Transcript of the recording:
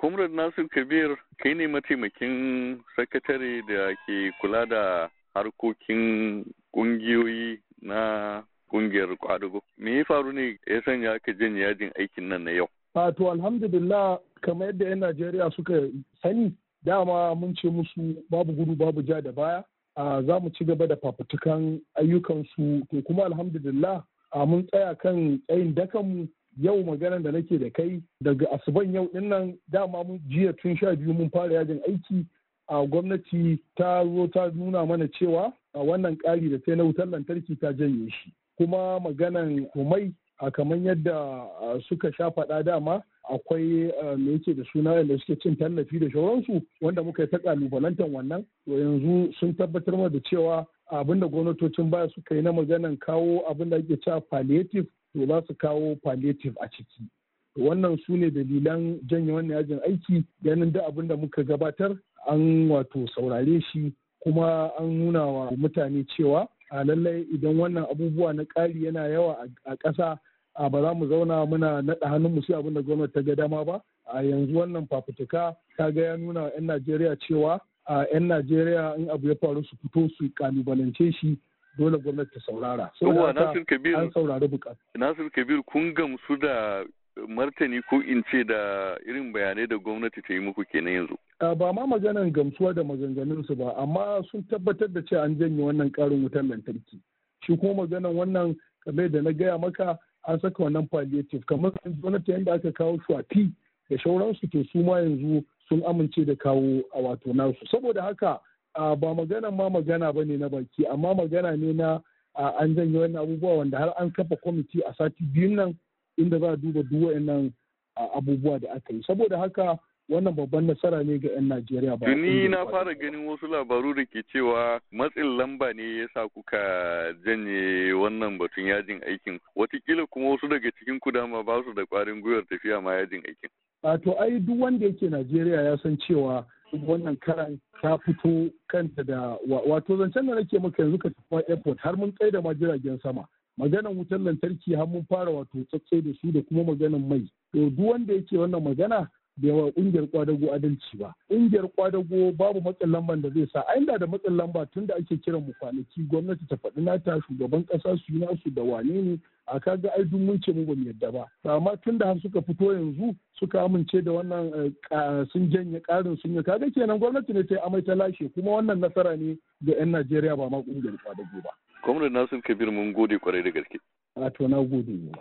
Comrade Nasir Kabir kai ne mataimakin sakatare da ke kula da harkokin ƙungiyoyi na ƙungiyar kwadugo. Me ya faru ne ya sanya aka janye yajin aikin nan na yau? Wato alhamdulillah kamar yadda 'yan Najeriya suka sani dama mun ce musu babu gudu babu ja da baya. za mu ci gaba da fafutukan ayyukansu to kuma alhamdulillah mun tsaya kan tsayin dakanmu yau maganar da nake da kai daga asuban yau din nan dama mun jiya tun sha biyu mun fara yajin aiki a gwamnati ta zo ta nuna mana cewa a wannan ƙari da sai na wutar lantarki ta janye shi kuma maganan komai a kamar yadda suka sha faɗa dama akwai me yake da suna da suke cin tallafi da shauransu wanda muka yi ta kalubalantar wannan to yanzu sun tabbatar mana da cewa abinda gwamnatocin baya suka yi na maganan kawo abinda ake cewa palliative to za su kawo palliative a ciki wannan su ne dalilan janye wannan yajin aiki ganin da abin da muka gabatar an wato saurare shi kuma an nuna wa mutane cewa a lallai idan wannan abubuwa na ƙari yana yawa a ƙasa a ba za mu zauna muna naɗa hannun mu sai abin da gwamnati ta ga dama ba a yanzu wannan fafutuka ta ga ya nuna wa 'yan najeriya cewa a 'yan najeriya in abu ya faru su fito su kalubalance shi dole gwamnati ta saurara. Yawwa Nasir Kabir. An saurari bukatu. Nasir Kabir kun gamsu da martani ko in ce da irin bayanai da gwamnati ta yi muku kenan yanzu. Ba ma maganan gamsuwa da maganganunsu ba, amma sun tabbatar da cewa an janye wannan karin wutar lantarki. Shi kuma maganar wannan kamar da na gaya maka an saka wannan palliative kamar gwamnati yadda aka kawo shuwati da shauransu ke su ma yanzu sun amince da kawo a wato nasu. Saboda haka ba magana ma magana ba ne na baki amma magana ne na an janye wannan abubuwa wanda har an kafa kwamiti a sati biyun nan inda za a duba duk wa'annan abubuwa da aka yi saboda haka wannan babban nasara ne ga 'yan Najeriya ba. ni na fara ganin wasu labaru da ke cewa matsin lamba ne ya sa kuka janye wannan batun yajin aikin. Watakila kuma wasu daga cikin ku dama ba su da kwarin gwiwar tafiya ma yajin aikin. A to ai duk wanda yake Najeriya ya san cewa wannan karan ta fito kanta da wato zancen da nake maka yanzu ka tafi airport har mun kai da ma jiragen sama maganan wutar lantarki har mun fara wato tsatse da su da kuma maganan mai to duk wanda yake wannan magana bai wa kungiyar kwadago adalci ba kungiyar kwadago babu matsin lamban da zai sa a inda da matsin lamba tunda ake kiran mu kwanaki gwamnati ta faɗi nata shugaban ƙasa su yi nasu da wane ne a kaga ai duk mun ce mu ba yadda ba amma tun da har suka fito yanzu suka amince da wannan eh, sun janye karin sun yi kaga kenan gwamnati ne ta yi amai ta lashe kuma wannan nasara ne ga 'yan Najeriya ba ma kungiyar kwadago ba. na Nasir Kabir mun gode kwarai da gaske. A to na gode ba.